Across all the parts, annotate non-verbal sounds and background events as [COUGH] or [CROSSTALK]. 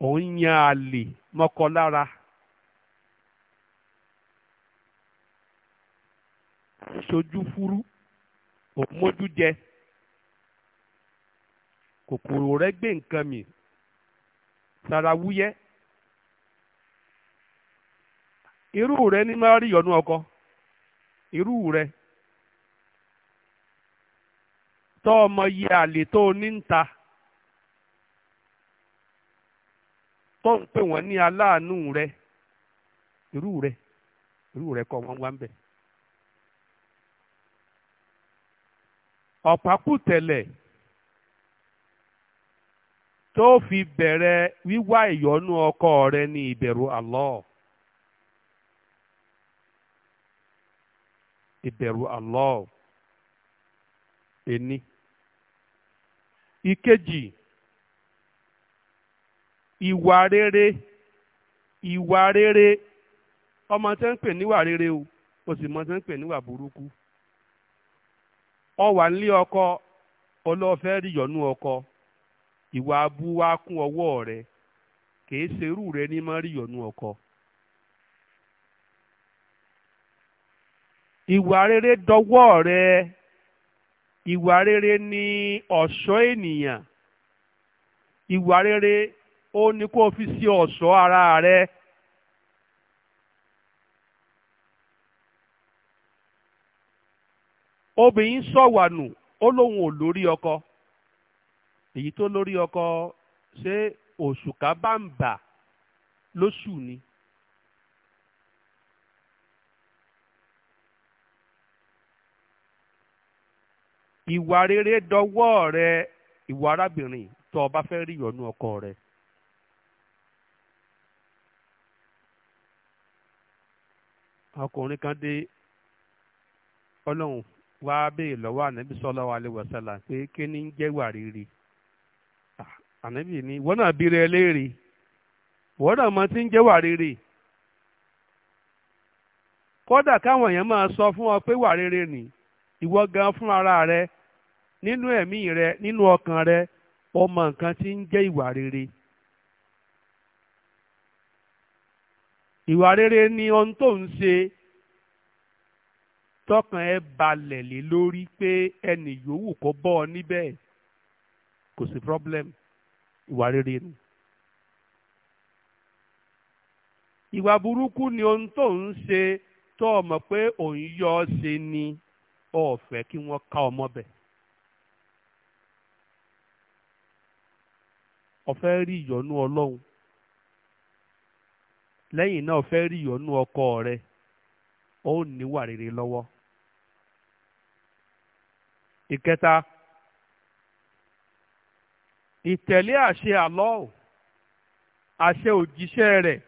ò ń yan àlè mọ́kọ lára. sojú fúrú ò mójú jẹ kòkòrò rẹ gbé nǹkan mì sara wúyẹ́ irú rẹ ní máa rí ọkọ irú rẹ tọ́ ọmọ yìí àlè tó o ní ń ta. tó ń pè wọ́n ní aláàánú rẹ irú rẹ irú rẹ kọ́ wọ́n wá ń bẹ̀. ọ̀pákùtẹ̀lẹ̀ tó fi bẹ̀rẹ̀ wíwá ìyọ́nú ọkọ rẹ ní ìbẹ̀rù Allah. ìbẹ̀rù Allah ẹni. ìkejì ìwà rere ìwà rere ọmọ tí ń pè níwà rere o o sì mọ tí ń pè níwà burúkú ọwà nílé ọkọ ọlọ́fẹ́ ríyọ̀nú ọkọ ìwà abú wa kún ọwọ́ rẹ kìí ṣerú rẹ ní má ríyọ̀nú ọkọ. ìwà rere dọwọ́ rẹ ìwà rere ni ọ̀ṣọ́ ènìyàn ìwà rere ó ní kó o fi sí ọ̀ṣọ́ ara rẹ. obìnrin sọ̀wànù ó lóun ò lórí ọkọ èyí tó lórí ọkọ ṣé òṣùkà bá ń bà lóṣù ni. ìwà rere dọwọ́ rẹ ìwà arábìnrin tó ọba fẹ́ rí ìyọ́nú ọkọ rẹ. ọkùnrin kan dé ọlọ́run wá béèrè lọ́wọ́ ànábì sallallahu alaihi wasallam pé kí ni ń jẹ́ wà rírì ànábì ni wọ́n náà bí rẹ léèrè wọ́n náà mọ tí ń jẹ́ wà rírì kódà káwọn èèyàn máa sọ fún ọ pé wà rírì ni ìwọ gan fún ara rẹ nínú ẹ̀mí rẹ nínú ọkàn rẹ ọmọ nǹkan ti ń jẹ́ ìwà rere. ìwà rere ni ohun tó ń ṣe tọkàn ẹ balẹ̀ lé lórí pé ẹnì yòówù kó bọ́ ọ níbẹ̀ kò sí problem ìwà rere ni. ìwà burúkú ni ohun tó ń ṣe tó o mọ̀ pé òun yọ ọ ṣe ni o kí wọ́n ká ọmọ bẹ̀. o rí ìyọ́nú ọlọ́run lẹ́yìn náà fẹ́ rí ìyọ́nú ọkọ rẹ ó níwà rere lọ́wọ́. ìkẹta ìtẹ̀lé àṣẹ Allah àṣẹ òjíṣẹ́ rẹ̀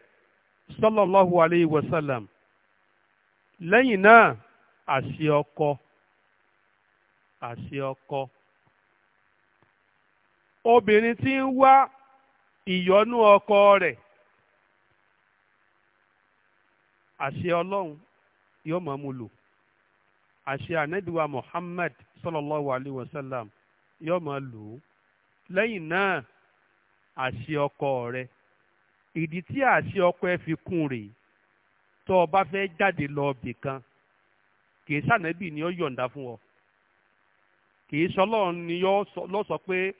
sallallahu alayhi wa sallam lẹ́yìn náà àṣẹ ọkọ àṣẹ ọkọ obìnrin tí ń wá ìyọnú ọkọ rẹ̀ àṣẹ ọlọ́run yóò máa mú lò àṣẹ ànábìwá sallallahu alayhi wa sallam yóò máa lò ó lẹ́yìn náà àṣẹ ọkọ rẹ ìdí ọkọ ẹ fi kún rèé tó o bá fẹ́ jáde lọ ọbì kan kì í sànẹ́bì ni ó yọ̀ǹda fún ọ kì ni lọ sọ pé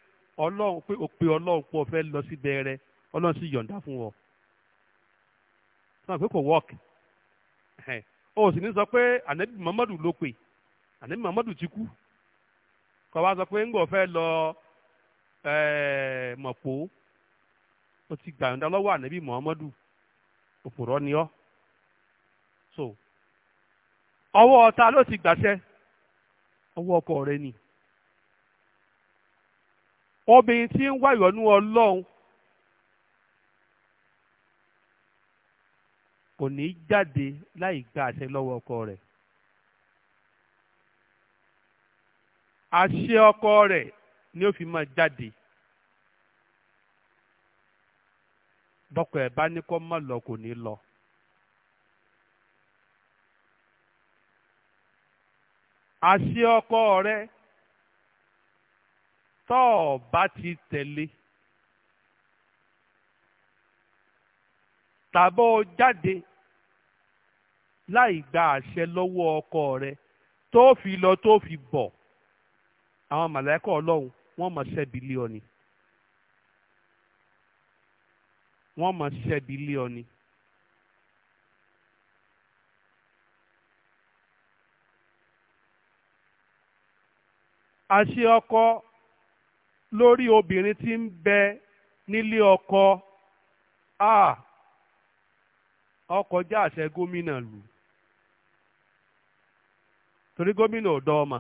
ọlọ́run pé o pe ọlọ́run pé o fẹ́ lọ síbẹ̀ rẹ ọlọ́run sì ọ. o si ní sọ pé muhammadu ló pe, ànábì muhammadu ti kú kọ́ wa sọ pé ńgbọ̀ fẹ́ lọ mọ̀pó o ti gbàyànjá lọ́wọ́ anabi muhammadu òpòrọ́ ni ọ́ so ọwọ́ ọ̀tá ló ti gbàṣẹ ọwọ́ ọkọ rẹ ni obìnrin tí ń wá ìyọ́nú ọlọ́run kò ní jáde láì gba àṣẹ lọ́wọ́ ọkọ rẹ̀ àṣẹ ọkọ rẹ̀ ni ó fi máa jáde bọ́kọ ẹ̀ bá ní kó má lọ kò ní lọ. àṣẹ ọkọ rẹ tọ́ ọ bá ti tẹ̀lé tàbọ̀ jáde láì gba àṣẹ lọ́wọ́ ọkọ rẹ tó fi lọ tó fi bọ̀ àwọn màláíkà ọlọ́run wọ́n mọ̀ ṣẹ́bi lé ọ ni wọ́n mọ̀ ṣẹ́bi àṣẹ ọkọ lórí obìnrin ti ń bẹ nílé ọkọ a ah! ọkọ já àṣẹ gómìnà lù. torí gómìnà ò dọ́ ọmọ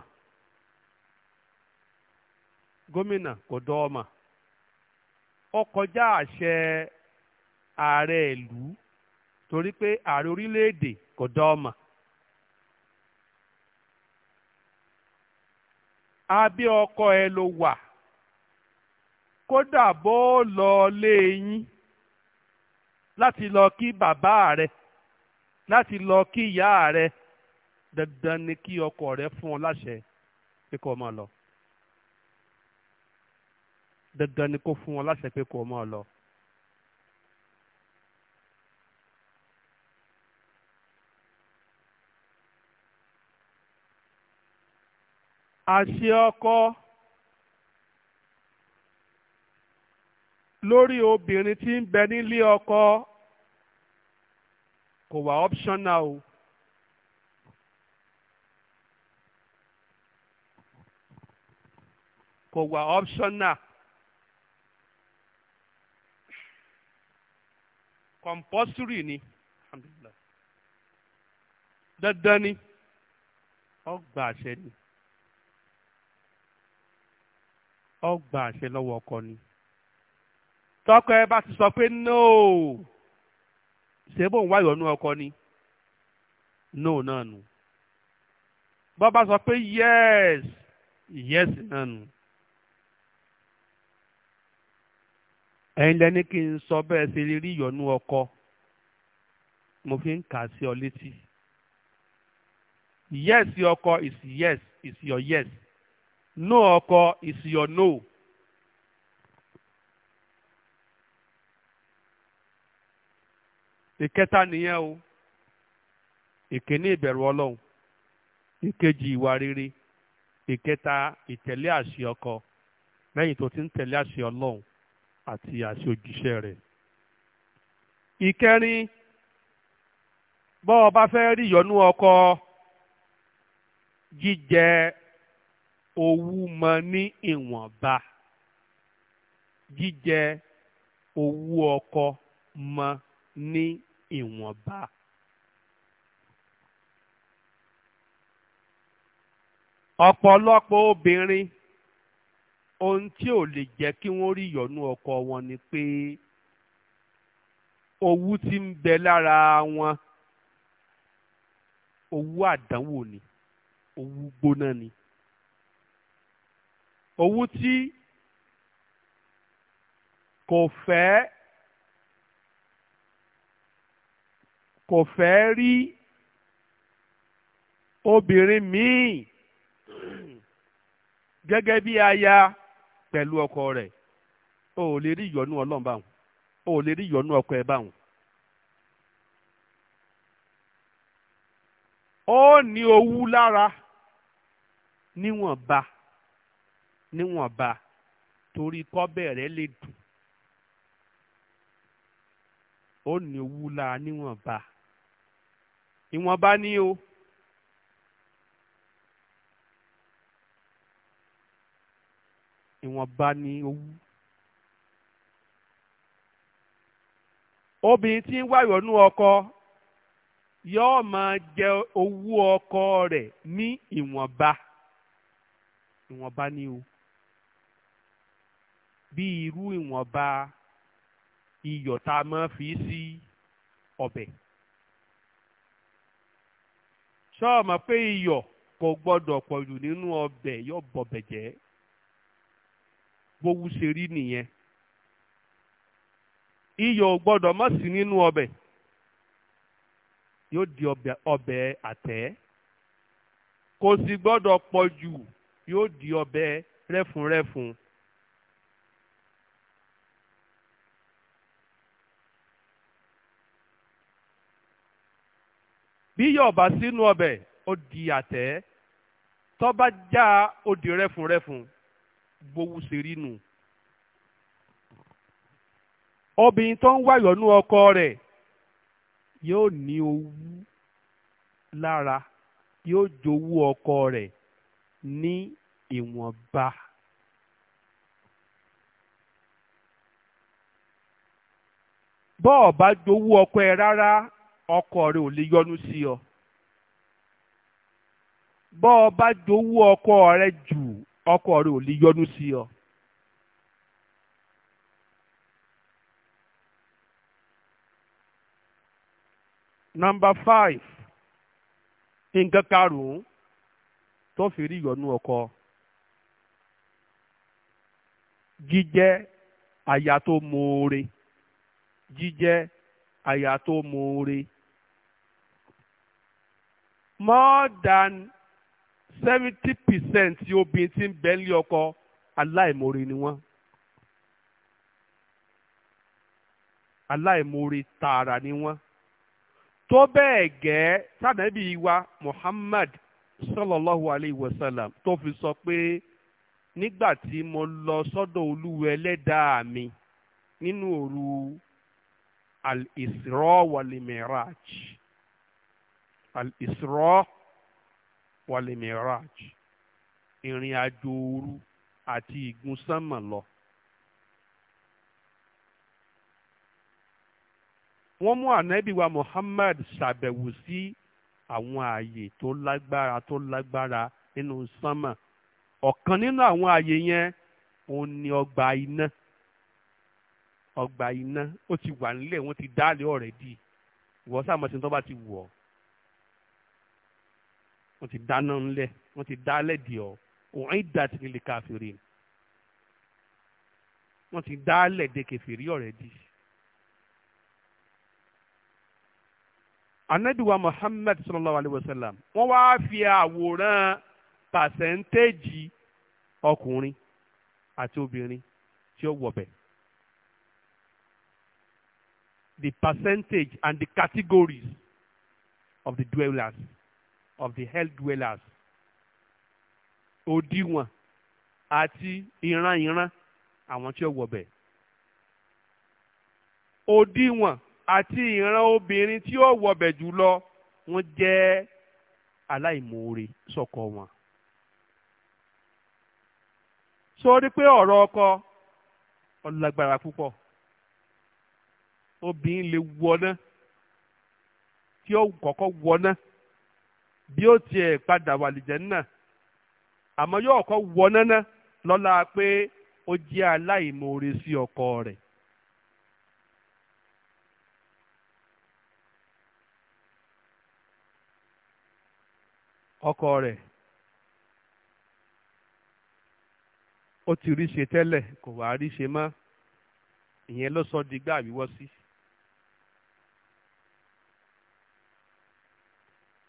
gómìnà kò dọ́ ọmọ ó kọjá àṣẹ ààrẹ ìlú torí pé ààrẹ orílẹ̀-èdè kò dọ́ ọmọ. abẹ́ ọkọ ẹ ló wà kódà bó lọ lé yín láti lọ kí bàbá rẹ láti lọ kí ìyá rẹ dandan ni kí ọkọ rẹ fún ọ láṣẹ pé kó o máa lọ dandan ni kó fún ọ láṣẹ pé kó o máa lọ. àṣẹ ọkọ lórí obìnrin tí ń bẹ nílé ọkọ kò wá optional o. kò wà optional compulsory ni alhamdulillah dandan ni ọgbà àṣẹ ni ọgbà àṣẹ lọ́wọ́ ọkọ ni tọkọ ẹ bá ti sọ pé no ṣé bóun wá ìrònú ọkọ ni no náà nù bọ́ bá sọ pé yes yes náà nù. ẹ̀yin lẹ́ni kí n sọ bẹ́ẹ̀ ṣe rí ọkọ mo fi ń kà sí ọ létí yes ọkọ is yes is your yes no ọkọ is your no. ìkẹta nìyẹn o ìkíní ìbẹ̀rù ọlọ́run ìkejì ìwà rere ìkẹta ìtẹ̀lé àṣẹ ọkọ lẹ́yìn tó ti ń tẹ̀lé àṣẹ ọlọ́run àti àṣẹ òjíṣẹ́ rẹ̀. ìkẹrin bọ́ ọ bá fẹ́ rí ìyọnú ọkọ jíjẹ owú mọ ní ìwọ̀nba jíjẹ owú ọkọ mọ ní ìwọ̀nba. ọ̀pọ̀lọpọ̀ obìnrin ohun tí ò lè jẹ́ kí wọ́n rí ìyọ̀nú ọkọ wọn ni pé owú tí ń bẹ lára wọn owú àdánwò ni owú gbóná ni owú tí kò fẹ́ kò fẹ́ rí obìnrin míì gẹ́gẹ́ bí aya. pẹ̀lú ọkọ rẹ̀ o ò lè rí ìyọnú ọlọ́run báwọn o ò lè rí ìyọnú ọkọ ẹ báwọn. ó ní owú lára níwọ̀nba níwọ̀nba torí kọ́bẹ̀ rẹ̀ lè dùn ó ní owú lára níwọ̀nba ìwọ̀nba ni o. ìwọ̀nba ni owú. obìnrin tí ń wáyọ̀nú ọkọ yóò máa jẹ owó ọkọ rẹ̀ ní ìwọ̀nba ìwọ̀nba ni o bí irú ìwọ̀nba iyọ̀ tá a máa fi sí ọbẹ̀ ṣọ́ọ̀mọ̀ pé iyọ̀ kò gbọ́dọ̀ pọ̀jù nínú ọbẹ̀ yóò bọ̀bẹ̀ jẹ́. bówú ṣe rí nìyẹn iyọ̀ ò gbọ́dọ̀ má sí nínú ọbẹ̀ yóò di ọbẹ̀ àtẹ́ kò sì gbọ́dọ̀ pọ̀ jù yóò di ọbẹ̀ rẹ́fun-rẹ́fun. bí iyọ̀ bá sínú ọbẹ̀ ó di àtẹ́ tó bá já ó di rẹ́fun gbowó ṣe rí nù. obìnrin tó ń wáyọ̀nú ọkọ rẹ̀ yóò ní owú lára yóò jowú ọkọ rẹ̀ ní ìwọ̀nba. bọ́ọ̀ bá jowú ọkọ ẹ rárá ọkọ rẹ ò lè yọnu sí ọ bọ́ọ̀ bá jowú ọkọ rẹ jù ọkọ rẹ ò lè yọnu sí ọ. nọmba five nǹkan karùn-ún tó fi rí ìyọnu ọkọ jíjẹ́ aya tó moore jíjẹ́ aya tó moore more than seventy percent obìnrin tí ń bẹ nílé ọkọ aláìmoore ni wọ́n aláìmoore tààrà ni wọ́n tó bẹ́ẹ̀ gẹ́ sànẹ́bí wa Muhammad sallallahu alayhi wa sallam tó fi sọ pé nígbà tí mo lọ sọ́dọ̀ olúwa ẹlẹ́dàá mi nínú òru al-Isra wal-Miraj al-Isra walimiraj ìrìn àjò òru àti ìgun sánmà lọ. wọ́n mú ànábì Muhammad ṣàbẹ̀wò sí àwọn ààyè tó lágbára tó lágbára nínú sánmà ọ̀kan nínú àwọn ààyè yẹn òun ni ọgbà iná ọgbà iná ó ti wà nílẹ̀ wọ́n ti dálé ọ̀rẹ́dì ìwọ sáà mọ̀ tó bá ti wù ọ́ wọ́n ti dáná ńlẹ̀ wọ́n ti dálẹ̀ dì ọ́ òun ìdá ti lè káfíìrì wọ́n ti dálẹ̀ de kẹfìrí ọ̀rẹ́dì. anabiwa muhammad sallallahu alayhi wa sallam wọ́n wá fi àwòrán pàṣẹ́ntéèjì ọkùnrin àti obìnrin tí ó wọ̀bẹ̀. the percentage and the categories of the dwellers of the hell dwellers òdiwọ̀n àti ìran-ìran àwọn tí ó wọ̀bẹ̀ òdiwọ̀n àti ìran obìnrin tí ó wọ̀bẹ̀ jùlọ wọ́n jẹ́ aláìmoore sọ́kọ wọn sórí pé ọ̀rọ̀ ọkọ ọlágbára púpọ̀ obìnrin lè wọná tí ó kọ́kọ́ wọná bí ó tiẹ̀ padà wà lìjẹ́ náà àmọ́ yóò kọ́ wọ náná lọ́la pé ó jẹ́ aláìmoore sí ọkọ rẹ̀. ọkọ rẹ̀ ó ti rí ṣe tẹ́lẹ̀ kò wá rí ṣe mọ́ ìyẹn ló sọ di gbà wíwọ́ sí. Si.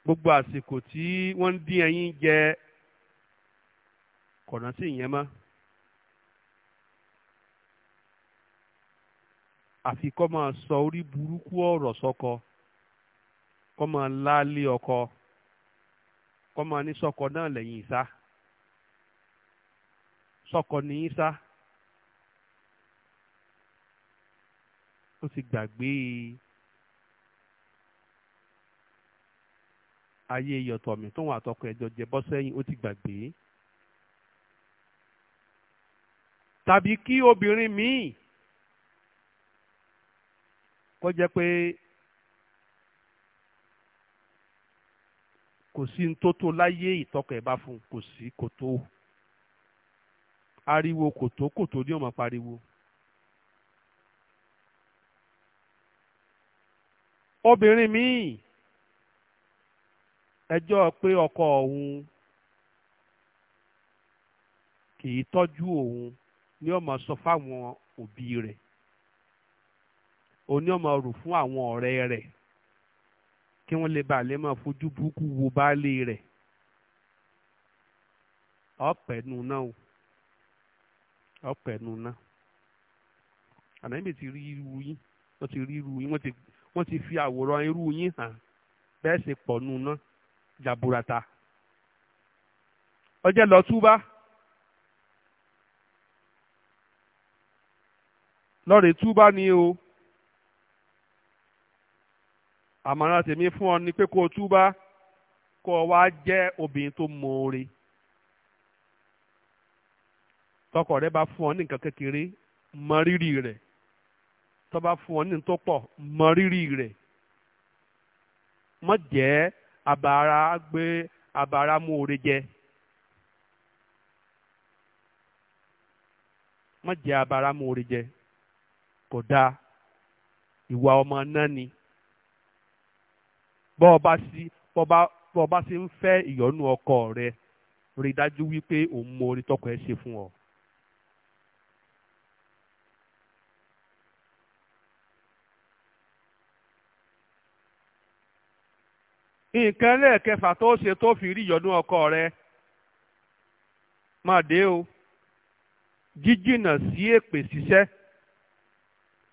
gbogbo àsìkò tí wọ́n ń dín ẹyin jẹ kọ̀nà sí ìyẹn mọ́ àfi kọ́ máa sọ orí burúkú ọ̀rọ̀ sọkọ kọ́ máa láálé ọkọ kọ́ máa ní sọkọ náà lẹ́yìn ìsá sọkọ ní ìsá ó ti gbàgbé ayé iyọ̀tọ̀ mi tóun àtọkọ ẹ̀jọ̀ jẹ bọ́ sẹ́yìn ó ti gbàgbé. tàbí kí obìnrin míì kó jẹ́ pé kò sí ní tó tó láyé ìtọ́kọ ẹ̀ bá fún kò sí kò tó ariwo kò tó kò tó ní ọmọ pariwo. obìnrin míì ẹjọ́ pé ọkọ òun kì í tọ́jú òun ni ó máa sọ fáwọn òbí rẹ̀ òun ni ó máa rò fún àwọn ọ̀rẹ́ rẹ̀ kí wọ́n lè bàa lè máa fojú burúkú wo baálé rẹ̀ ọ̀pẹ̀nu náà o ọ̀pẹ̀nu náà ànábì ti rí irú yín wọ́n ti rí irú yín wọ́n ti fi àwòrán irú yín hàn bẹ́ẹ̀ sì pọ̀ nù náà. jaburata ọ lọ túbá lọ́rẹ̀ túbá ni o àmàrà tèmi fún ọ ni pé kó o túbá kó o wá jẹ́ obìnrin tó mọ̀ọ́re tọkọ rẹ bá fún ọ ní nǹkan kékeré mọ rírì rẹ tó bá fún ọ ní nǹkan tó pọ̀ mọ rírì rẹ mọ jẹ́ àbàrà gbé àbàrà mú oore jẹ má jẹ àbàrà mú oore jẹ ìwà ọmọ náà ni fẹ́ ìyọ́nú ọkọ rẹ rí i dájú wípé òun mọ orí tọkọ ẹ ṣe fún ọ. nǹkan lẹ́ẹ̀kẹfà tó ṣe tó fi rí ìyọnú ọkọ rẹ máa dé o jíjìnà sí èpè ṣiṣẹ́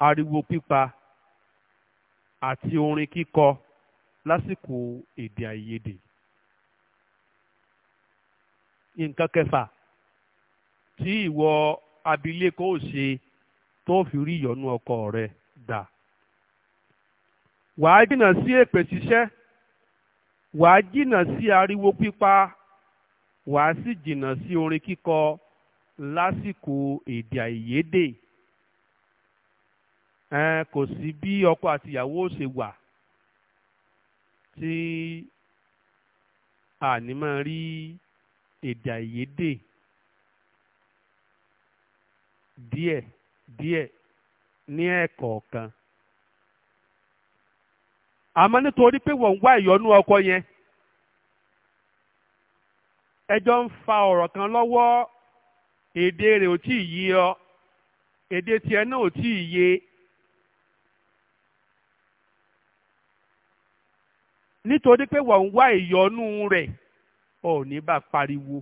ariwo pípa àti orin kíkọ lásìkò èdè àìyedè nǹkan kẹfà tí ìwọ abilékọ ò ṣe tó fi rí ìyọnú ọkọ rẹ dà wàá jìnnà sí èpè ṣiṣẹ́ wàá jìnnà sí ariwo pípa wàá sì jìnnà sí orin kíkọ lásìkò èdè àìyedè kò sí bí ṣe wà tí àní máa rí èdè ní ẹ̀kọ̀ọ̀kan. àmọ́ nítorí pé wọ́n ń wá ìyọnú ọkọ yẹn ẹjọ́ ń fa ọ̀rọ̀ kan lọ́wọ́ èdè rẹ̀ ò tí ì yé ọ èdè tiẹ̀ náà ò tí ì yé nítorí pé wọ́n ń wá ìyọnú rẹ̀ ò ní bá pariwo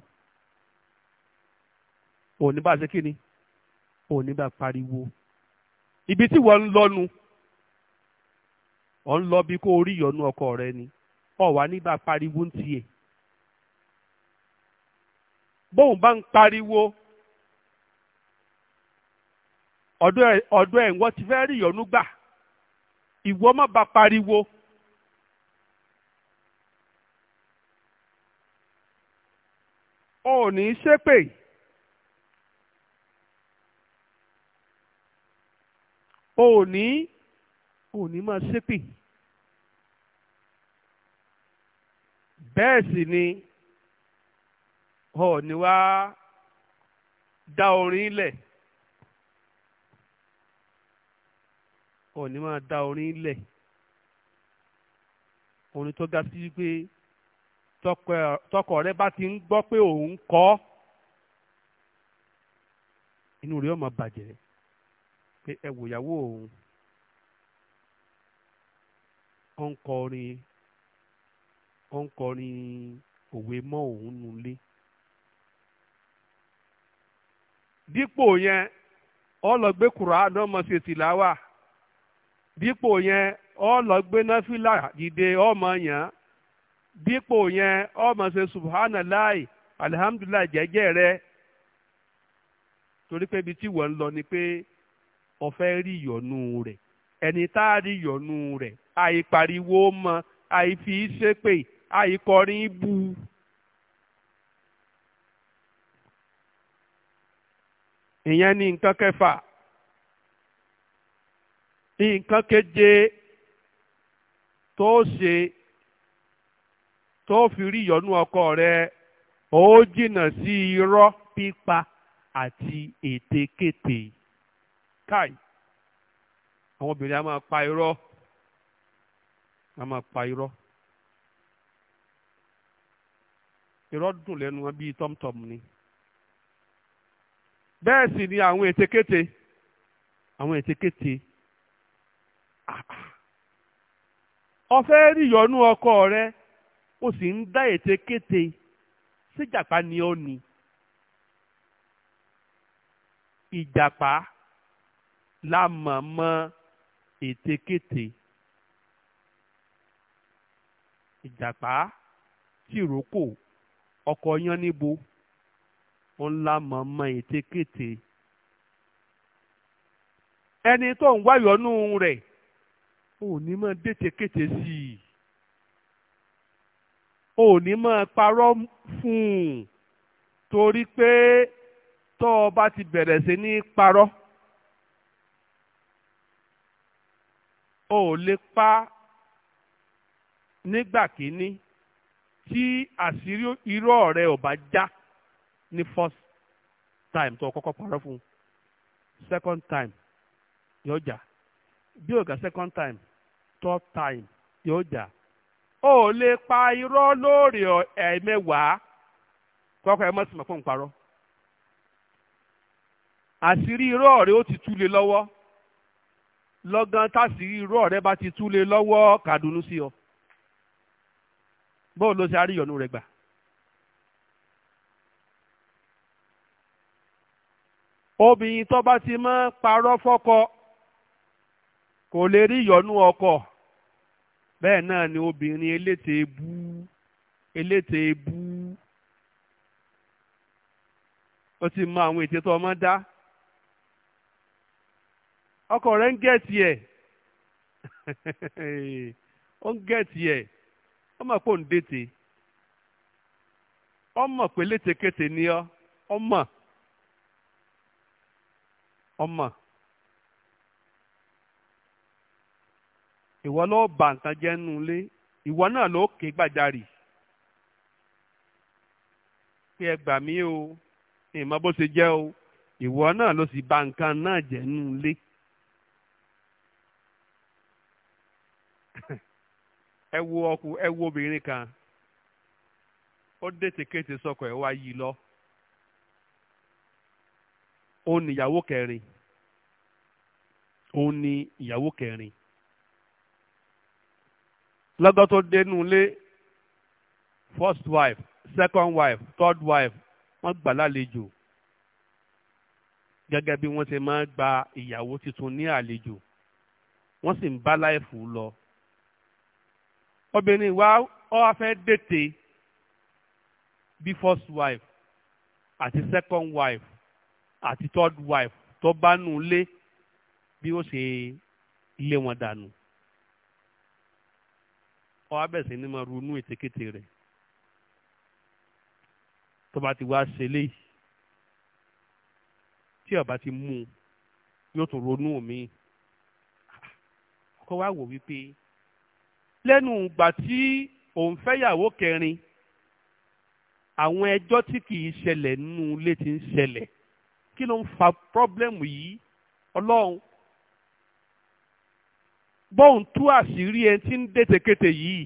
ò ní bá ṣe kí ni ò ní bá pariwo ibi tí wọ́n ń lọ́nu. Ọ ń lọ bí kó orí ìyọnu ọkọ rẹ ni Ọ wá nígbà pariwo ń tiẹ̀ bóun bá ń pariwo Ọdụ ẹ ń ti fẹ́ rí ìyọnu gbà ìwọ má ba pariwo. ọ ò ní í ṣépè o ní ò ní máa ṣépè bẹ́ẹ̀ ni ọ wá dá orin lẹ̀ ọ ni máa dá orin lẹ̀ orin tó ga sí pé tọkọ rẹ bá ti ń gbọ́ pé òun kọ́ inú rẹ̀ ó máa bàjẹ́ pé ẹ wòyàwó òun ó ń kọrin ó ń n'ule òwe mọ́ òun nulẹ̀ dípò yẹn ó lọ gbé Kùránì ó máa ṣe dípò yẹn ó lọ gbé náfìlà dìde ó máa dípò yẹn ọmọ máa subhanalai alihamdulilayi jẹ́jẹ́ rẹ torí pé ibi tí wọ́n lọ ni pé ọ̀fẹ́ rí ìyọ̀nù rẹ̀ ẹni tá a rí àìpariwo mọ àìfi ṣépè àìkọrin bu. ìyẹn ni nǹkan kẹfà nǹkan keje tó ṣe tó fi rí ìyọ́nú ọkọ rẹ ó jìnnà sí irọ́ pípa àti ètekéte káì àwọn obìnrin a máa pa irọ́. a máa pa irọ́ irọ́ dùn lẹ́nu wọn bíi tọ́mtọ́m ni bẹ́ẹ̀ sì ni àwọn ètekéte àwọn ètekéte ọ̀fẹ́ rí ìyọnú ọkọ rẹ ó sì ń dá ètekéte síjàpá ni ó ní ìjàpá la mọ̀ mọ́ ètekéte ìjàpá tìrókò ọkọ̀ yánníbo ńlá mọ̀ọ́mọ́ ètekéte ẹni tó ń wáyọ̀nú rẹ̀ ò ní mọ̀ dẹ́tẹ̀kẹ́tẹ̀ sí i ò ní mọ̀ parọ́ fún un torí pé tọ́ ọ bá ti bẹ̀rẹ̀ sí ní parọ́ ò lè pa nígbà kínní tí àṣírí irọ́ rẹ̀ ò bá já ní first time tó kọ́kọ́ parọ́ fún second time yóò jà bí ògà second time third time yóò jà ó lè pa irọ́ lórí ẹ̀ẹ̀mẹwàá kọ́kọ́ ẹ mọ́sí mọ̀pọ̀ ń parọ́ àṣírí irọ́ rẹ̀ ó ti tú lé lọ́wọ́ lọ́gán táṣírí irọ́ rẹ̀ bá ti tú lé lọ́wọ́ kàdúnú sí ọ. bọ́ọ̀ ló ṣe àríyànú rẹ̀ gbà. obìnrin tó bá ti mọ́ parọ́ fọ́kọ kò lè rí ìyọnú ọkọ bẹ́ẹ̀ náà ni obìnrin eléte ebú eléte ebú ó ti mọ àwọn ète tó ọmọ dá ọkọ rẹ̀ ń gẹ̀ẹ́tì ẹ̀ [LAUGHS] ó ń gẹ̀ẹ́tì ẹ̀. ó mọ̀ pé òun dètè ó mọ̀ pé létekete ni ọ́ ó mọ̀ ó mọ̀ ìwọ ló bà nǹkan jẹ́ nínú ilé ìwọ náà ló ké gbàjarì pé ẹ gbà mí o ìmọ̀ bó ṣe jẹ́ o ìwọ náà ló sì bà nǹkan náà jẹ́ nínú ilé. ẹ wo ọkù ẹ obìnrin kan ó dètè kéte sọkọ ẹ wá yí lọ òun ni ìyàwó kẹrin òun ni ìyàwó kẹrin lọ́gọ́ tó dénú lé first wife second wife third wife wọ́n gbà lálejò gẹ́gẹ́ bí wọ́n ti máa gba ìyàwó tuntun ní àlejò wọ́n sì ń bá láìfù lọ obìnrin wa ó wá fẹ́ dètè bí first wife àti second wife àti third wife tó bá nù lé bí ó ṣe lé wọn dànù ó wá bẹ̀rẹ̀ sí ní máa ronú ètekéte rẹ̀ tó bá ti wá ṣe léyìí tí ó bá ti mú un yóò tún ronú omi kó wá wò wípé lẹ́nu ìgbà tí òun fẹ́yàwó kẹrin àwọn ẹjọ́ tí kì í ṣẹlẹ̀ nínú ilé ti ń ṣẹlẹ̀ kí ló ń fa pọ́blẹ́mù yìí ọlọ́run bóun tú àṣírí ẹ ti ń dẹ́tẹ̀kẹ́tẹ̀ yìí